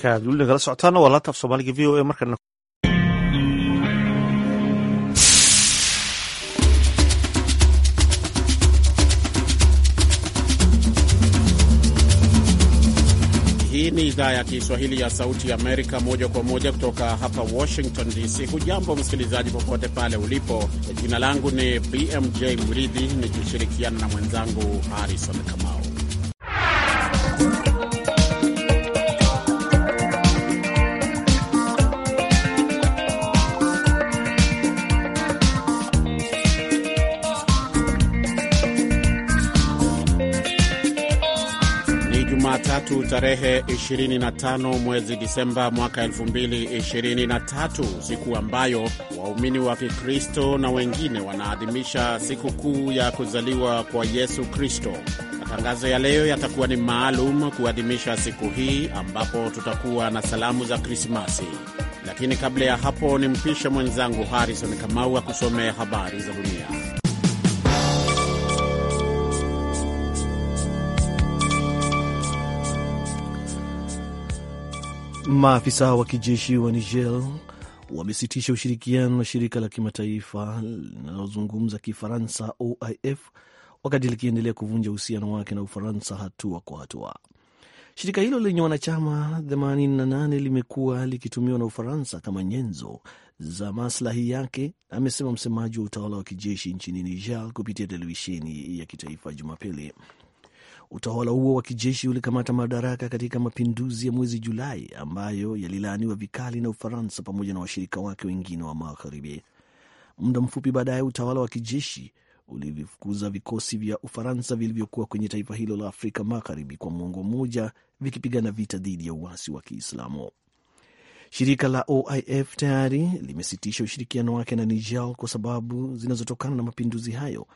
Dunia socotaana waa Soomaaliga v o a markana Hii ni idhaa ya Kiswahili ya Sauti ya Amerika, moja kwa moja kutoka hapa Washington DC. Hujambo msikilizaji, popote pale ulipo. Jina langu ni BMJ Mridhi, nikishirikiana na mwenzangu Harrison Kamau. Jumatatu tarehe 25 mwezi Disemba mwaka 2023, siku ambayo waumini wa Kikristo na wengine wanaadhimisha siku kuu ya kuzaliwa kwa Yesu Kristo. Matangazo ya leo yatakuwa ni maalum kuadhimisha siku hii, ambapo tutakuwa na salamu za Krismasi. Lakini kabla ya hapo, ni mpishe mwenzangu harison Kamau akusomea habari za dunia. Maafisa wa kijeshi wa Niger wamesitisha ushirikiano na shirika la kimataifa linalozungumza Kifaransa, OIF, wakati likiendelea kuvunja uhusiano wake na Ufaransa hatua kwa hatua. Shirika hilo lenye wanachama 88 limekuwa likitumiwa na Ufaransa kama nyenzo za maslahi yake, amesema msemaji wa utawala wa kijeshi nchini Niger kupitia televisheni ya kitaifa Jumapili. Utawala huo wa kijeshi ulikamata madaraka katika mapinduzi ya mwezi Julai ambayo yalilaaniwa vikali na Ufaransa pamoja na washirika wake wengine wa Magharibi. Muda mfupi baadaye, utawala wa kijeshi ulivifukuza vikosi vya Ufaransa vilivyokuwa kwenye taifa hilo la Afrika Magharibi kwa mwongo mmoja vikipigana vita dhidi ya uasi wa Kiislamu. Shirika la OIF tayari limesitisha ushirikiano wake na Niger kwa sababu zinazotokana na mapinduzi hayo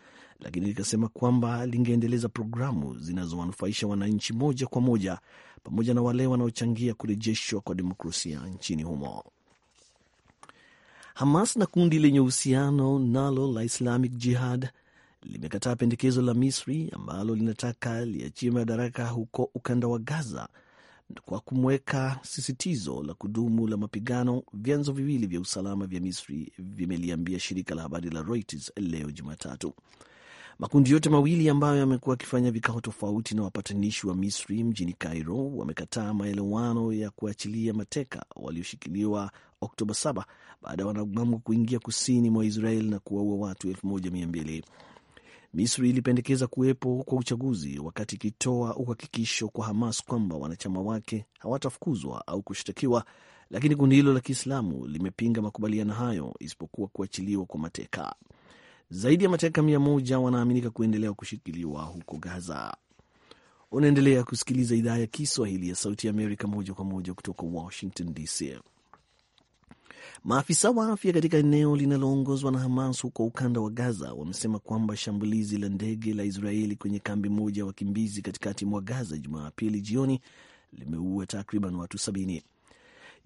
lakini likasema kwamba lingeendeleza programu zinazowanufaisha wananchi moja kwa moja pamoja na wale wanaochangia kurejeshwa kwa demokrasia nchini humo. Hamas na kundi lenye uhusiano nalo la Islamic Jihad limekataa pendekezo la Misri ambalo linataka liachie madaraka huko ukanda wa Gaza kwa kumweka sisitizo la kudumu la mapigano. Vyanzo viwili vya usalama vya Misri vimeliambia shirika la habari la Reuters leo Jumatatu. Makundi yote mawili ambayo yamekuwa yakifanya vikao tofauti na wapatanishi wa Misri mjini Cairo wamekataa maelewano ya kuachilia mateka walioshikiliwa Oktoba 7 baada ya wanamgambo kuingia kusini mwa Israel na kuwaua watu 1200. Misri ilipendekeza kuwepo kwa uchaguzi wakati ikitoa uhakikisho kwa Hamas kwamba wanachama wake hawatafukuzwa au kushtakiwa, lakini kundi hilo la Kiislamu limepinga makubaliano hayo isipokuwa kuachiliwa kwa mateka. Zaidi ya mateka mia moja wanaaminika kuendelea kushikiliwa huko Gaza. Unaendelea kusikiliza idhaa ya Kiswahili ya Sauti ya Amerika moja kwa moja kutoka Washington DC. Maafisa wa afya katika eneo linaloongozwa na Hamas huko ukanda wa Gaza wamesema kwamba shambulizi la ndege la Israeli kwenye kambi moja ya wakimbizi katikati mwa Gaza Jumapili jioni limeua takriban watu sabini.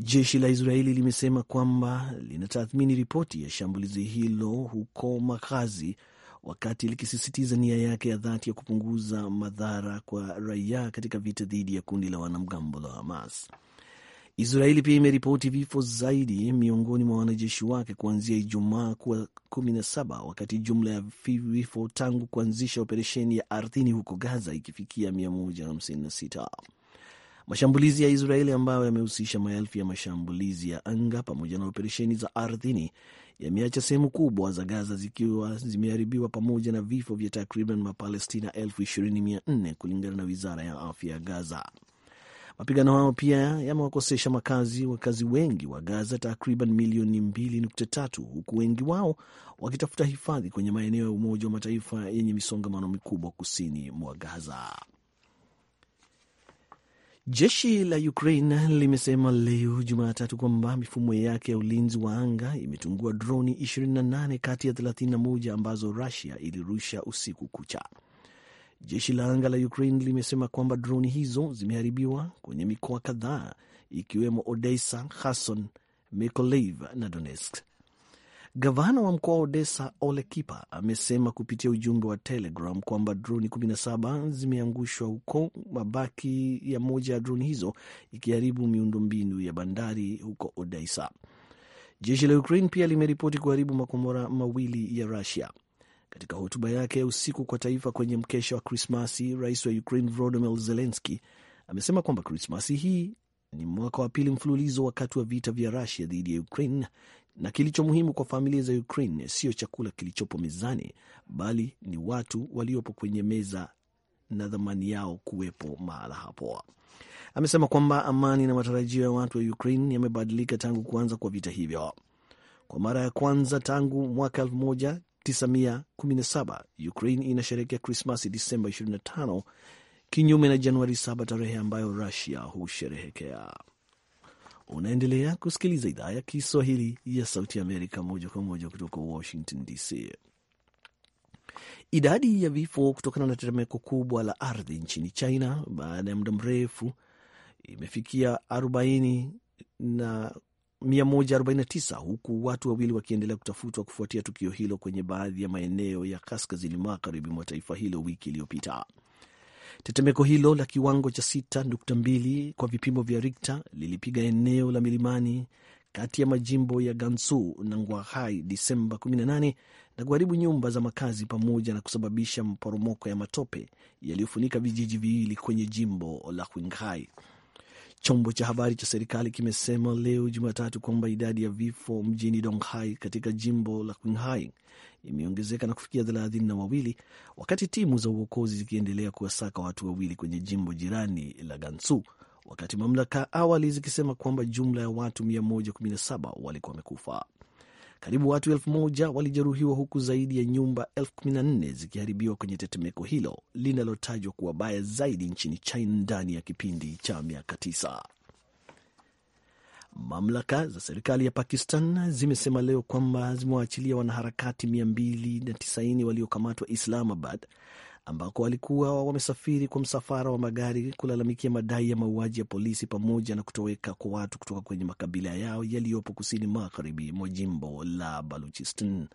Jeshi la Israeli limesema kwamba linatathmini ripoti ya shambulizi hilo huko makazi, wakati likisisitiza nia yake ya dhati ya kupunguza madhara kwa raia katika vita dhidi ya kundi la wanamgambo la Hamas. Israeli pia imeripoti vifo zaidi miongoni mwa wanajeshi wake kuanzia Ijumaa kuwa 17 wakati jumla ya vifo tangu kuanzisha operesheni ya ardhini huko Gaza ikifikia 156. Mashambulizi ya Israeli ambayo yamehusisha maelfu ya mashambulizi ya anga pamoja na operesheni za ardhini yameacha sehemu kubwa za Gaza zikiwa zimeharibiwa pamoja na vifo vya takriban Mapalestina 24 kulingana na wizara ya afya ya Gaza. Mapigano hayo pia yamewakosesha makazi wakazi wengi wa Gaza takriban milioni 2.3 huku wengi wao wakitafuta hifadhi kwenye maeneo ya Umoja wa Mataifa yenye misongamano mikubwa kusini mwa Gaza. Jeshi la Ukraine limesema leo Jumatatu kwamba mifumo yake ya ulinzi wa anga imetungua droni 28 kati ya 31 ambazo Rusia ilirusha usiku kucha. Jeshi la anga la Ukraine limesema kwamba droni hizo zimeharibiwa kwenye mikoa kadhaa ikiwemo Odessa, Kherson, Mykolaiv na Donetsk. Gavana wa mkoa wa Odessa Ole Kipa amesema kupitia ujumbe wa Telegram kwamba droni 17 zimeangushwa huko, mabaki ya moja ya droni hizo ikiharibu miundombinu ya bandari huko Odessa. Jeshi la Ukraine pia limeripoti kuharibu makombora mawili ya Rusia. Katika hotuba yake ya usiku kwa taifa kwenye mkesha wa Krismasi, rais wa Ukraine Volodymyr zelenski amesema kwamba Krismasi hii ni mwaka wa pili mfululizo wakati wa vita vya Rusia dhidi ya Ukraine na kilicho muhimu kwa familia za Ukraine sio chakula kilichopo mezani, bali ni watu waliopo kwenye meza na thamani yao kuwepo mahala hapo. Amesema kwamba amani na matarajio ya watu wa Ukraine yamebadilika tangu kuanza kwa vita hivyo. Kwa mara ya kwanza tangu mwaka 1917 Ukraine inasherehekea Krismasi Disemba 25 kinyume na Januari 7 tarehe ambayo Rusia husherehekea. Unaendelea kusikiliza idhaa ya Kiswahili ya Sauti Amerika moja kwa moja kutoka Washington DC. Idadi ya vifo kutokana na tetemeko kubwa la ardhi nchini China baada ya muda mrefu imefikia 40 na 149 huku watu wawili wakiendelea kutafutwa kufuatia tukio hilo kwenye baadhi ya maeneo ya kaskazini magharibi mwa taifa hilo wiki iliyopita. Tetemeko hilo la kiwango cha 6.2 kwa vipimo vya Richter lilipiga eneo la milimani kati ya majimbo ya Gansu na Ngwahai Disemba 18 na kuharibu nyumba za makazi pamoja na kusababisha maporomoko ya matope yaliyofunika vijiji viwili kwenye jimbo la Qinghai. Chombo cha habari cha serikali kimesema leo Jumatatu kwamba idadi ya vifo mjini Donghai katika jimbo la Qinghai imeongezeka na kufikia thelathini na wawili wakati timu za uokozi zikiendelea kuwasaka watu wawili kwenye jimbo jirani la Gansu, wakati mamlaka awali zikisema kwamba jumla ya watu 117 walikuwa wamekufa. Karibu watu elfu moja walijeruhiwa huku zaidi ya nyumba elfu kumi na nne zikiharibiwa kwenye tetemeko hilo linalotajwa kuwa baya zaidi nchini China ndani ya kipindi cha miaka tisa. Mamlaka za serikali ya Pakistan zimesema leo kwamba zimewaachilia wanaharakati 290 waliokamatwa Islamabad ambako walikuwa wamesafiri kwa msafara wa magari kulalamikia madai ya mauaji ya polisi pamoja na kutoweka kwa watu kutoka kwenye makabila yao yaliyopo kusini magharibi mwa jimbo la Baluchistan.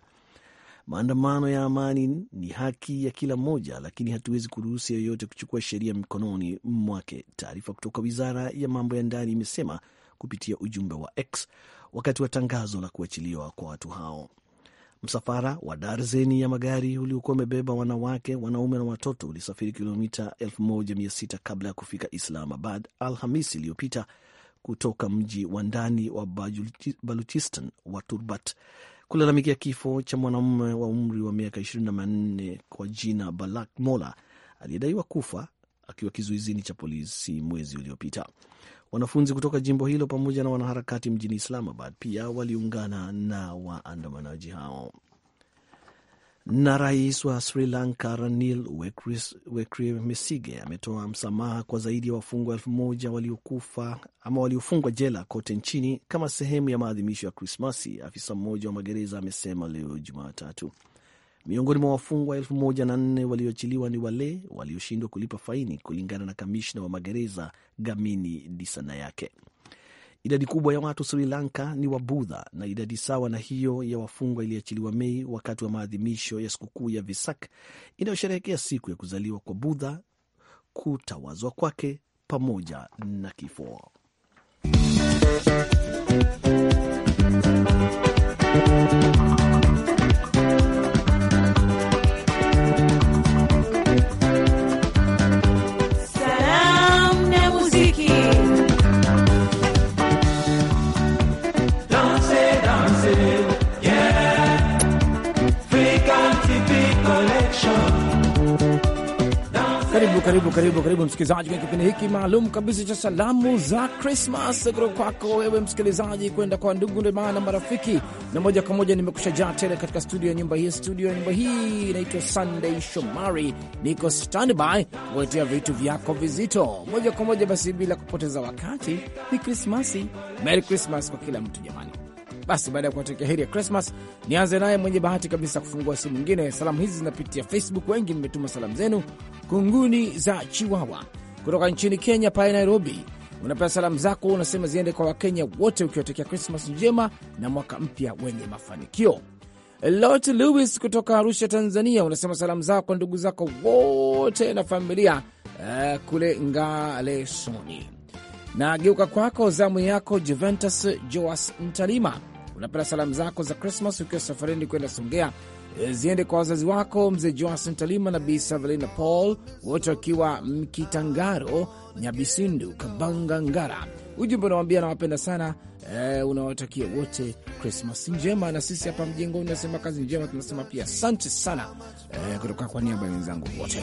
Maandamano ya amani ni haki ya kila mmoja, lakini hatuwezi kuruhusu yeyote kuchukua sheria mikononi mwake, taarifa kutoka wizara ya mambo ya ndani imesema kupitia ujumbe wa X wakati wa tangazo la kuachiliwa kwa watu hao. Msafara wa darzeni ya magari uliokuwa umebeba wanawake, wanaume na watoto ulisafiri kilomita 1600 kabla ya kufika Islamabad Alhamisi iliyopita kutoka mji wa ndani wa Baluchistan wa Turbat kulalamikia kifo cha mwanamume wa umri wa miaka 24 kwa jina Balak Mola aliyedaiwa kufa akiwa kizuizini cha polisi mwezi uliopita. Wanafunzi kutoka jimbo hilo pamoja na wanaharakati mjini Islamabad pia waliungana na waandamanaji hao. Na rais wa Sri Lanka Ranil Wickremesinghe ametoa msamaha kwa zaidi ya wafungwa elfu moja waliokufa ama waliofungwa jela kote nchini kama sehemu ya maadhimisho ya Krismasi, afisa mmoja wa magereza amesema leo Jumatatu. Miongoni mwa wafungwa elfu moja na nne walioachiliwa ni wale walioshindwa kulipa faini, kulingana na kamishna wa magereza Gamini yake Idadi kubwa ya watu Sri Lanka ni Wabudha na idadi sawa na hiyo ya wafungwa iliachiliwa Mei wakati wa maadhimisho ya sikukuu ya Visak inayosherehekea siku ya kuzaliwa kwa Budha, kutawazwa kwake pamoja na kifo. karibu karibu karibu msikilizaji kwenye kipindi hiki maalum kabisa cha salamu za Krismas kutoka kwako wewe msikilizaji kwenda kwa ndugu jamaa na marafiki, na moja kwa moja nimekusha jaa tele katika studio ya nyumba hii. Studio ya nyumba hii inaitwa Sunday Shomari, niko standby kuletea vitu vyako vizito moja kwa moja. Basi bila kupoteza wakati, ni Krismasi. Merry Krismas kwa kila mtu jamani. Basi baada ya kuwatakia heri ya Krismas, nianze naye mwenye bahati kabisa kufungua simu ingine Salamu hizi zinapitia Facebook, wengi mmetuma salamu zenu. Kunguni za Chiwawa kutoka nchini Kenya pale Nairobi, unapea salamu zako, unasema ziende kwa Wakenya wote ukiwatakia Krismas njema na mwaka mpya wenye mafanikio. Lot Lewis kutoka Arusha, Tanzania, unasema salamu zako kwa ndugu zako wote na familia uh, kule Ngalesoni. Na geuka kwako zamu yako Juventus Joas Mtalima unapata salamu zako za Krismas ukiwa safarini kwenda Songea, eh, ziende kwa wazazi wako mzee Joasen Talima na Bi Savelina Paul, wote wakiwa Mkitangaro, Nyabisindu, Kabanga, Ngara. Ujumbe unawambia nawapenda sana e, unawatakia wote Krismas njema. Na sisi hapa mjengo unasema kazi njema, tunasema pia asante sana e, kutoka kwa niaba ya wenzangu wote.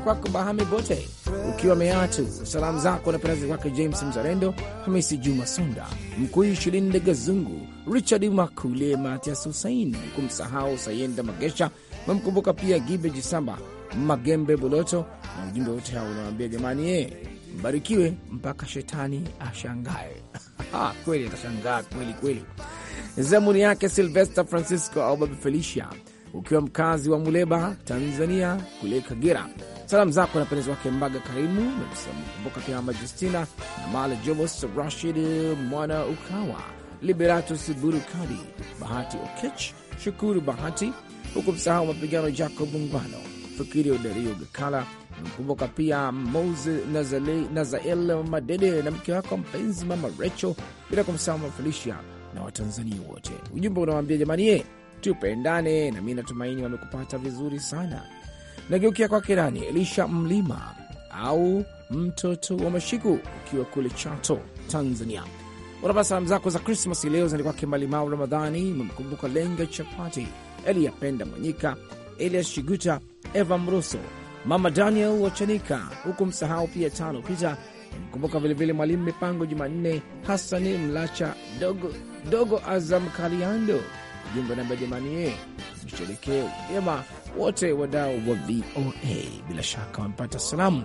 asante kwako Bahame Bote ukiwa Meatu. Salamu zako napendeza kwake James Mzalendo, Hamisi Juma Mkuu Shirini Ndege Zungu, Richard Makule, Matias Husaini, kumsahau Sayenda Magesha. Mamkumbuka pia Gibe Jisamba, Magembe Boloto, na ujumbe wote hao unawambia jamani, ye eh, mbarikiwe mpaka shetani ashangae. Kweli atashangaa kweli kweli. Zamuni yake Silvester Francisco au Babi Felicia ukiwa mkazi wa Muleba, Tanzania, kule Kagera. Salamu zako na penezi wake Mbaga Karimu namkumbuka pia Justina na Male Jobos, Rashid Mwana Ukawa, Liberatus Burukadi, Bahati Okech, Shukuru Bahati, huku msahau mapigano Jacob Ngwano, Fikiri Dario Gakala. Mkumbuka pia Mose Nazael Madede na mke wako mpenzi Mama Recho, bila kumsahau Mafelisia na Watanzania wote. Ujumbe unawaambia jamani, ye eh, Tupendane. mi natumaini wamekupata vizuri sana. Nageukia kwake nani, Elisha Mlima au mtoto wa Mashiku, ukiwa kule Chato, Tanzania. Unapata salamu zako za Krismas leo zani kwake Malimao Ramadhani, umemkumbuka Lenga Chapati, Penda Mwanyika, Elias Shiguta, Eva Mruso, Mama Daniel Wachanika, huku msahau pia Tano Pita mkumbuka vilevile Mwalimu Mipango Jumanne, Hasani Mlacha, Dogo Dogo, Azam Kaliando mjumbe namba jamani, msherekee eh, vyema wote wadau wa VOA bila shaka wamepata salamu.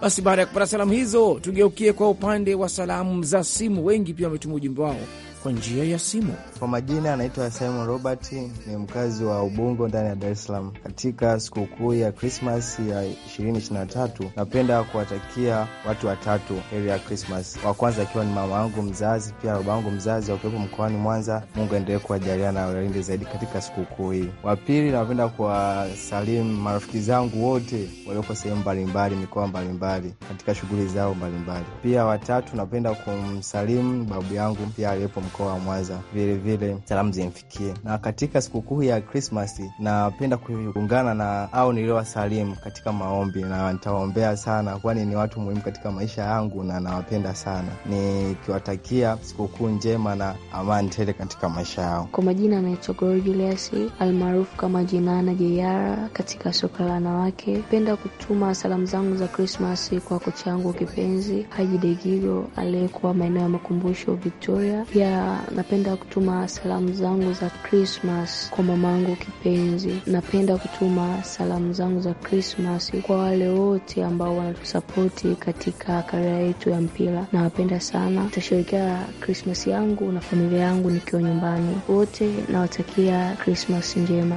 Basi baada ya kupata salamu hizo, tugeukie kwa upande wa salamu za simu. Wengi pia wametuma ujumbe wao kwa njia ya simu. Kwa majina anaitwa Simon Robert, ni mkazi wa Ubungo ndani ya Dar es Salaam. Katika sikukuu ya Krismas ya 2023 napenda kuwatakia watu watatu heri ya Krismas. Wa kwanza akiwa ni mama angu mzazi, pia baba mzazi wakiwepo mkoani Mwanza. Mungu aendelee kuwajalia na walinde zaidi katika sikukuu hii. Wa pili, napenda kuwasalimu marafiki zangu wote walioko sehemu mbalimbali, mikoa mbalimbali, katika shughuli zao mbalimbali. Pia watatu, napenda kumsalimu babu yangu pia aliyepo mkoa wa Mwanza. Vilevile salamu zimfikie. Na katika sikukuu ya Krismasi napenda kuungana na au niliowasalimu katika maombi, na nitawaombea sana, kwani ni watu muhimu katika maisha yangu na nawapenda sana, nikiwatakia sikukuu njema na amani tele katika maisha yao. Kwa majina anaitwa Gorgilas almaarufu kama Jinana Jeyara katika soka la wanawake. Penda kutuma salamu zangu za Krismasi kwa kocha yangu kipenzi Haji Degigo aliyekuwa maeneo ya makumbusho Victoria, pia napenda kutuma salamu zangu za Krismas kwa mamangu kipenzi. Napenda kutuma salamu zangu za Krismas kwa wale wote ambao wanatusapoti katika karia yetu ya mpira, nawapenda sana. Nitasherekea Krismas yangu na familia yangu nikiwa nyumbani. Wote nawatakia Krismas njema.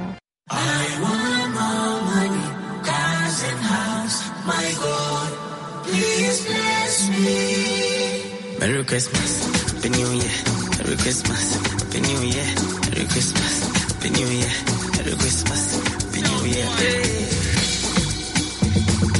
Merry Christmas, the New Year. Merry Christmas, Happy New Year. Merry Christmas, Happy New Year. Merry Christmas, Happy New Year.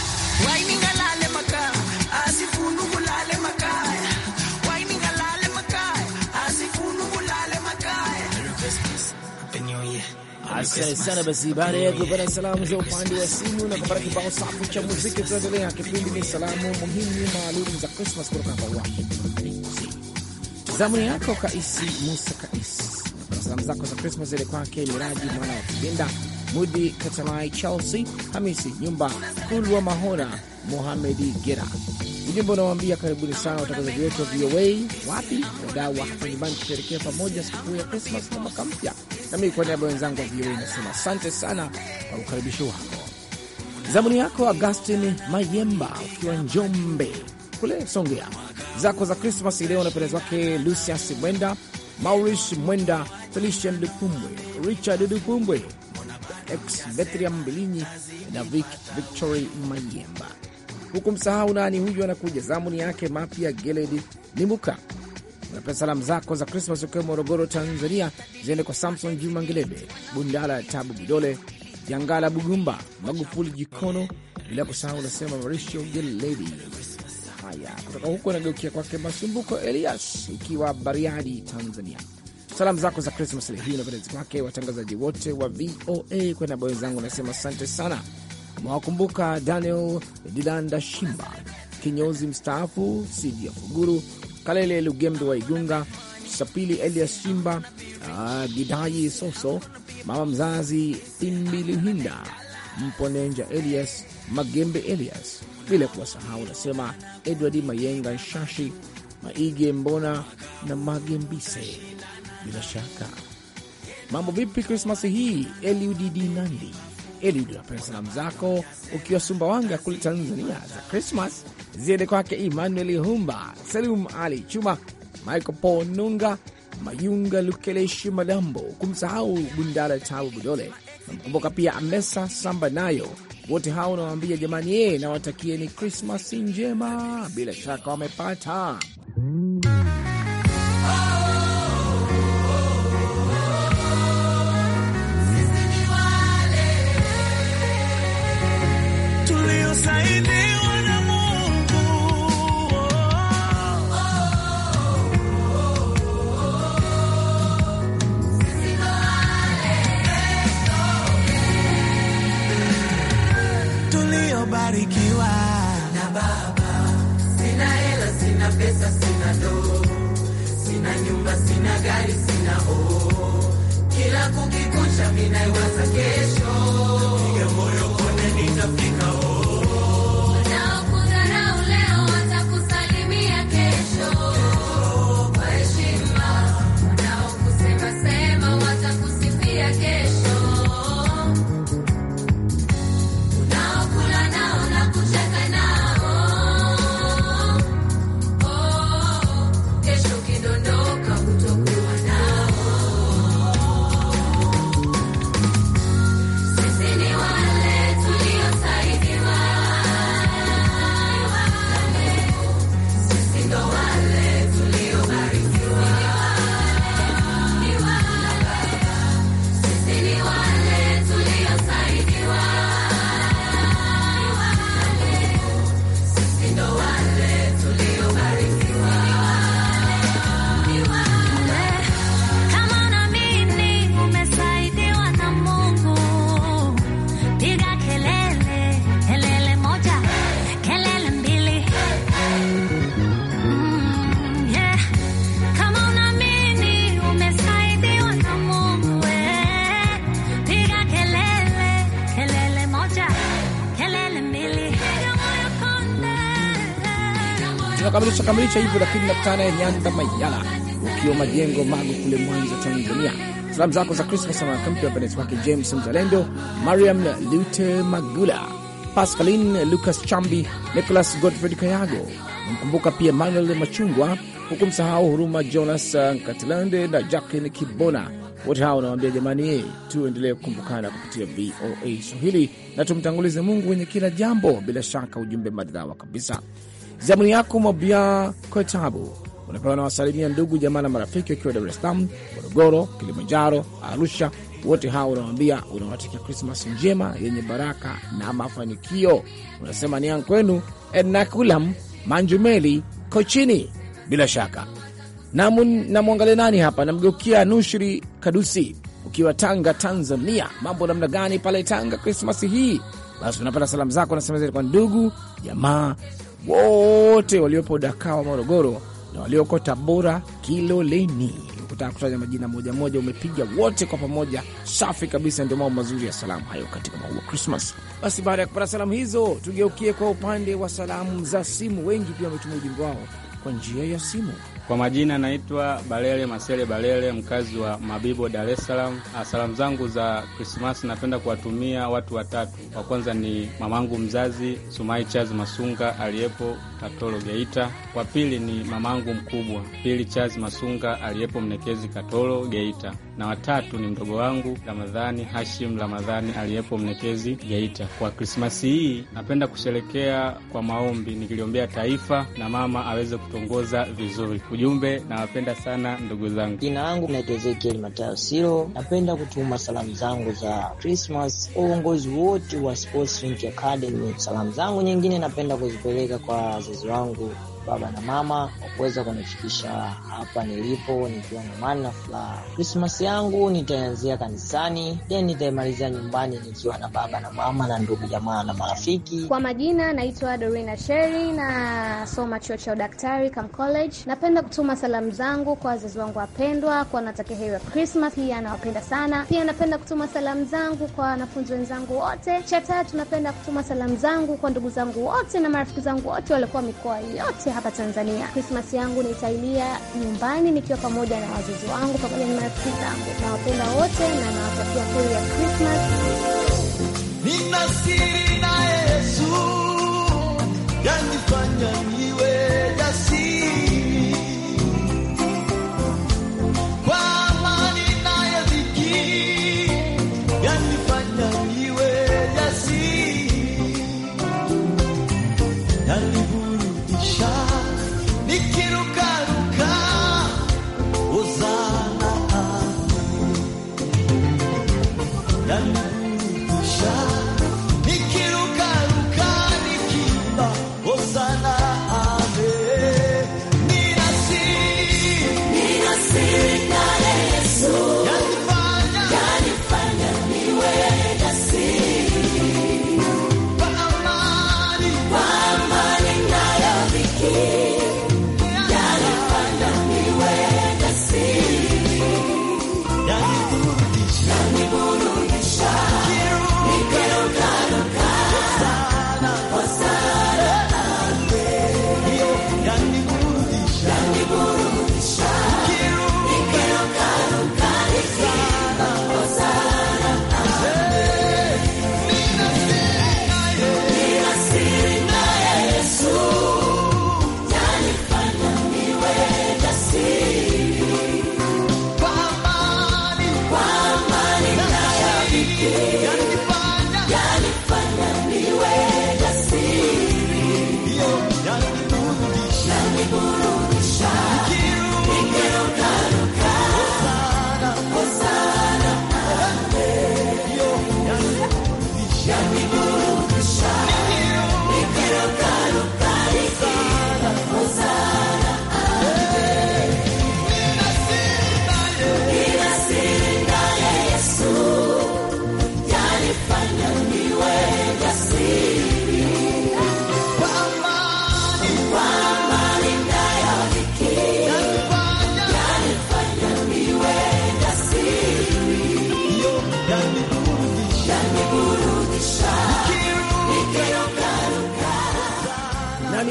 Asante sana. Basi baada ya kupata salamu za upande wa simu na kupata kibao safu cha muziki, tunaendelea. Kipindi ni salamu muhimu maalum za Krismas kutoka hapa Washington. Zamuni yako Kaisi Musa Kaisi, salamu zako za Krismas zile kwake Miraji mwana wa Kibinda, Mudi Katalai, Chelsea Hamisi Nyumba, Kulwa Mahora, Mohamedi Gera. Ujumbe unawambia karibuni sana watangazaji wetu wa VOA wapi wadau wa hapa nyumbani, kusherekea pamoja sikukuu ya Krismas na mwaka mpya na mimi kwa niaba wenzangu wa VOA nasema asante sana kwa ukaribisho wako. Zamuni yako Augustin Mayemba ukiwa Njombe kule Songea, zako za Krismas ileo napendeza wake Lucias Mwenda, mauris Mwenda, Felician Lukumbwe, Richard Lukumbwe, ex Betria Bilinyi na Vic Victory Mayemba, huku msahau nani huyu anakuja zamuni yake mapya Geledi Limuka Unapea salamu zako za Krismas ukiwa Morogoro, Tanzania, ziende kwa Samson Juma Ngelebe, Bundala ya Tabu Bidole, Jangala Bugumba, Magufuli Jikono, bila kusahau unasema Marisho Geledi. Haya, kutoka huko anageukia kwake Masumbuko Elias ukiwa Bariadi, Tanzania. Salamu zako za Krismas hii napendezi kwake watangazaji wote wa VOA kwenda boyo zangu, anasema asante sana. Mwawakumbuka Daniel dilanda shimba kinyozi mstaafu, Sidi ya Fuguru Kalele Lugembe wa Igunga, Sapili Elias Simba, ah, Gidayi Soso, mama mzazi Thimbiluhinda Mponenja Elias Magembe Elias, bila kuwasahau nasema Edward Mayenga Nshashi, Maige Mbona na Magembise. Bila shaka mambo vipi Krismasi hii? Eliudidi Nandi Eli tunapenda salamu zako ukiwa Sumbawanga kule Tanzania za Krismas ziende kwake Emmanuel Humba, Salum Ali Chuma, Michael Paul Nunga, Mayunga Lukeleshi Madambo, kumsahau Bundala Tabu Budole, namkumbuka pia Amesa Samba nayo wote hao unawaambia jamani, yeye nawatakieni Krismasi njema, bila shaka wamepata 在你。kukamilisha hivyo, lakini nakutana ya Nyanda Mayala ukiwa majengo Magu kule Mwanza, Tanzania. Salamu zako za Krismas na mwaka wake James Mzalendo, Mariam Lute Magula, pascalin Lucas Chambi, Nicholas Godfred Kayago. Namkumbuka pia Manuel Machungwa, huku msahau Huruma Jonas Katilande na Jacklin Kibona. Wote hawa unawambia jamani, tuendelee kukumbukana kupitia VOA Swahili na tumtangulize Mungu wenye kila jambo. Bila shaka ujumbe madhawa kabisa. Zamuni yako Mabia kwa tabu unapewa na wasalimia ndugu jamaa na marafiki wakiwa Dar es Salaam, Morogoro, Kilimanjaro, Arusha. Wote hawa unawambia unawatakia Krismas njema yenye baraka na mafanikio. Unasema ni yangu kwenu Ednakulam Manjumeli Kochini. Bila shaka namwangalia nani hapa, namgeukia Nushri Kadusi ukiwa Tanga, Tanzania. Mambo namna gani pale Tanga Krismasi hii? Basi unapata salamu zako, nasema kwa ndugu jamaa wote waliopo Dakawa, Morogoro na walioko Tabora, Kiloleni. kutaka kutaja majina moja moja, umepiga wote kwa pamoja. Safi kabisa, ndio mambo mazuri ya salamu hayo katika maua wa Krismas. Basi baada ya kupata salamu hizo, tugeukie kwa upande wa salamu za simu. Wengi pia wametuma ujumbe wao kwa njia ya simu. Kwa majina naitwa Balele Masele Balele, mkazi wa Mabibo, Dar es Salaam. Ah, salamu zangu za Krismasi napenda kuwatumia watu watatu. Wa kwanza ni mamangu mzazi Sumai Charles Masunga aliyepo Katoro Geita. Wa pili ni mamangu mkubwa Pili Charles Masunga aliyepo Mnekezi Katoro Geita na watatu ni mdogo wangu Ramadhani Hashim Ramadhani aliyepo Mnekezi, Geita. Kwa Krismasi hii napenda kusherekea kwa maombi, nikiliombea taifa na mama aweze kutongoza vizuri. Ujumbe, nawapenda sana ndugu zangu. Jina langu naitwa Ezekiel Matayo Siro. Napenda kutuma salamu zangu za Krismas uongozi wote wa Sports Academy. Salamu zangu nyingine napenda kuzipeleka kwa wazazi wangu baba na mama kwa kuweza kunifikisha hapa nilipo nikiwa na amani na furaha. Krismasi yangu nitaanzia kanisani, then nitaimalizia nyumbani nikiwa na baba na mama na ndugu jamaa na marafiki. Kwa majina naitwa Dorina Sheri, nasoma chuo cha udaktari Cam College. Napenda kutuma salamu zangu kwa wazazi wangu wapendwa, kwa natakia heri ya Krismas, pia anawapenda sana. Pia napenda kutuma salamu zangu kwa wanafunzi wenzangu wote. Cha tatu, napenda kutuma salamu zangu kwa ndugu zangu wote na marafiki zangu wote waliokuwa mikoa yote mapya hapa Tanzania. krismas yangu nitailia nyumbani nikiwa pamoja na wazazi wangu pamoja na marafiki zangu. Nawapenda wote na nawatakia heri ya na yesu jasiri quiero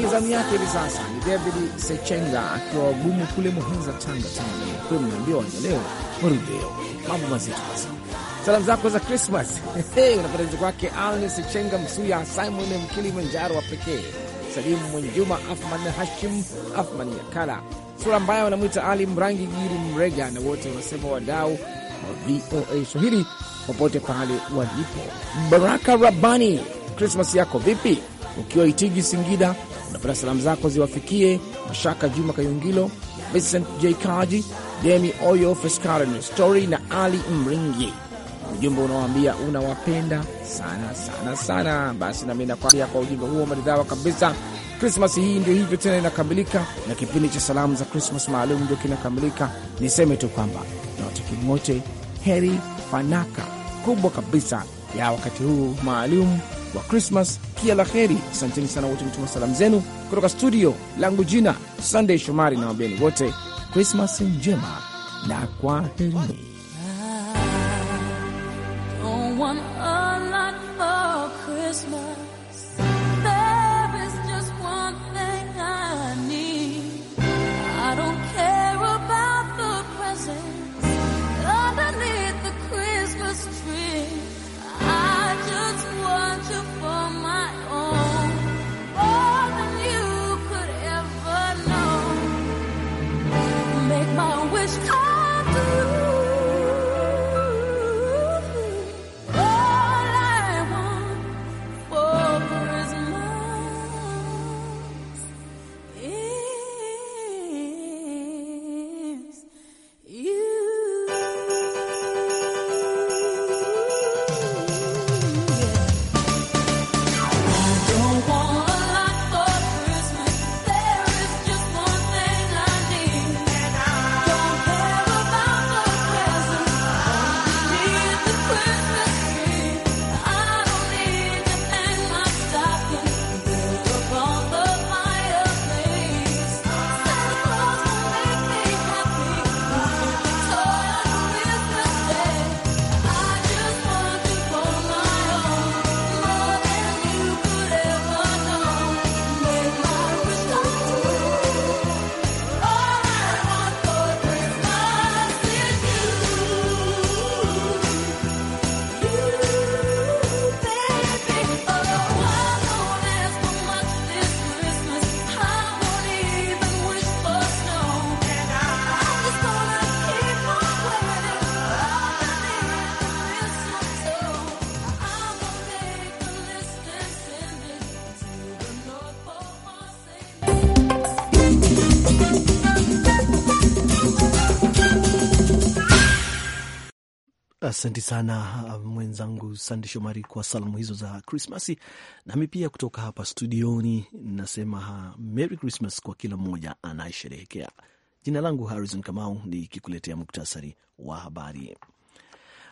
lakini zamu yake hivi sasa ni David Sechenga akiwa wagumu kule Muhinza, Tanga, Tanzania. Kwa mnaambia wanyeleo marudeo, mambo mazito sasa. Salamu zako za Krismas unapatazi kwake Alni Sechenga Msuya, Simon Mkilimanjaro wa pekee, Salimu Mwenjuma, Afman Hashim, Afman Yakala sura ambayo wanamwita Ali Mrangi Giri Mrega na wote wanasema wadau wa VOA Swahili popote pale walipo. Baraka Rabani, Krismas yako vipi? Ukiwa Itigi Singida unapenda salamu zako ziwafikie Mashaka Juma Kayungilo, Vincent J Kaji, Demi Oyo, Fescaren Story na Ali Mringi. Ujumbe unawaambia unawapenda sana sana sana. Basi nami nakwambia kwa ujumbe huo maridhawa kabisa. krismas hii ndio hivyo tena inakamilika, na kipindi cha salamu za Krismas maalum ndio kinakamilika. Niseme tu kwamba nawatakieni wote heri fanaka kubwa kabisa ya wakati huu maalum wa Krismas pia la heri. Asanteni sana wote mtuma salamu zenu kutoka studio langu. Jina Sandey Shomari na wabeni wote, Krismas njema na kwaherini. Asante sana uh, mwenzangu Sande Shomari kwa salamu hizo za Krismasi. Nami pia kutoka hapa studioni nasema uh, Merry Christmas kwa kila mmoja anayesherehekea. Jina langu Harrison Kamau nikikuletea muktasari wa habari.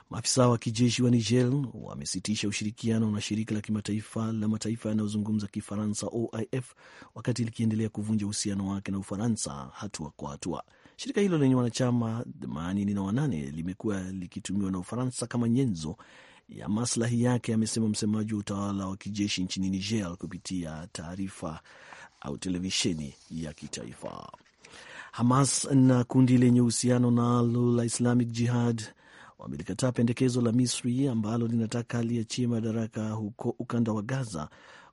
Maafisa wa kijeshi wa Niger wamesitisha ushirikiano na shirika la kimataifa la mataifa yanayozungumza Kifaransa, OIF, wakati likiendelea kuvunja uhusiano wake na Ufaransa hatua kwa hatua. Shirika hilo lenye wanachama 88 limekuwa likitumiwa na Ufaransa kama nyenzo ya maslahi yake, amesema msemaji wa utawala wa kijeshi nchini Niger kupitia taarifa au televisheni ya kitaifa. Hamas na kundi lenye uhusiano nalo la Islamic Jihad wamelikataa pendekezo la Misri ambalo linataka liachie madaraka huko ukanda wa Gaza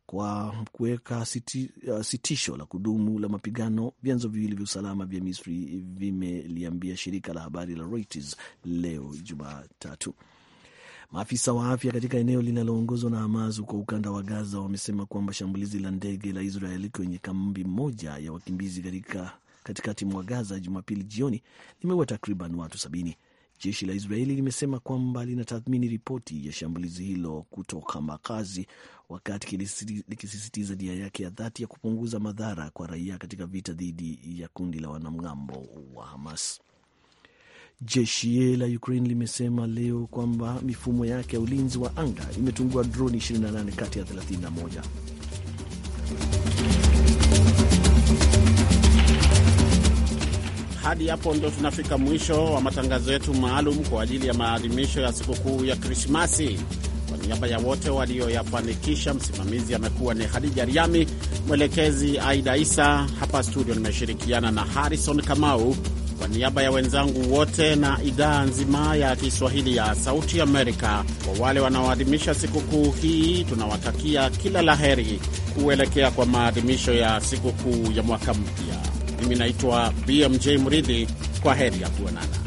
kwa kuweka siti, uh, sitisho la kudumu la mapigano, vyanzo viwili vya usalama vya Misri vimeliambia shirika la habari la Reuters leo Jumatatu. Maafisa wa afya katika eneo linaloongozwa na Hamas huko ukanda wa Gaza wamesema kwamba shambulizi la ndege la Israeli kwenye kambi moja ya wakimbizi katika katikati mwa Gaza Jumapili jioni limeua takriban watu sabini. Jeshi la Israeli limesema kwamba linatathmini ripoti ya shambulizi hilo kutoka makazi, wakati likisisitiza nia yake ya dhati ya kupunguza madhara kwa raia katika vita dhidi ya kundi la wanamgambo wa Hamas. Jeshi la Ukraine limesema leo kwamba mifumo yake ya ulinzi wa anga imetungua droni 28 kati ya 31. Hadi hapo ndo tunafika mwisho wa matangazo yetu maalum kwa ajili ya maadhimisho ya sikukuu ya Krismasi. Kwa niaba ya wote walioyafanikisha, msimamizi amekuwa ni Hadija Riami, mwelekezi Aida Isa. Hapa studio nimeshirikiana na Harrison Kamau. Kwa niaba ya wenzangu wote na idhaa nzima ya Kiswahili ya Sauti Amerika, kwa wale wanaoadhimisha sikukuu hii, tunawatakia kila laheri kuelekea kwa maadhimisho ya sikukuu ya mwaka mpya. Mimi naitwa BMJ Mridhi, kwa heri ya kuonana.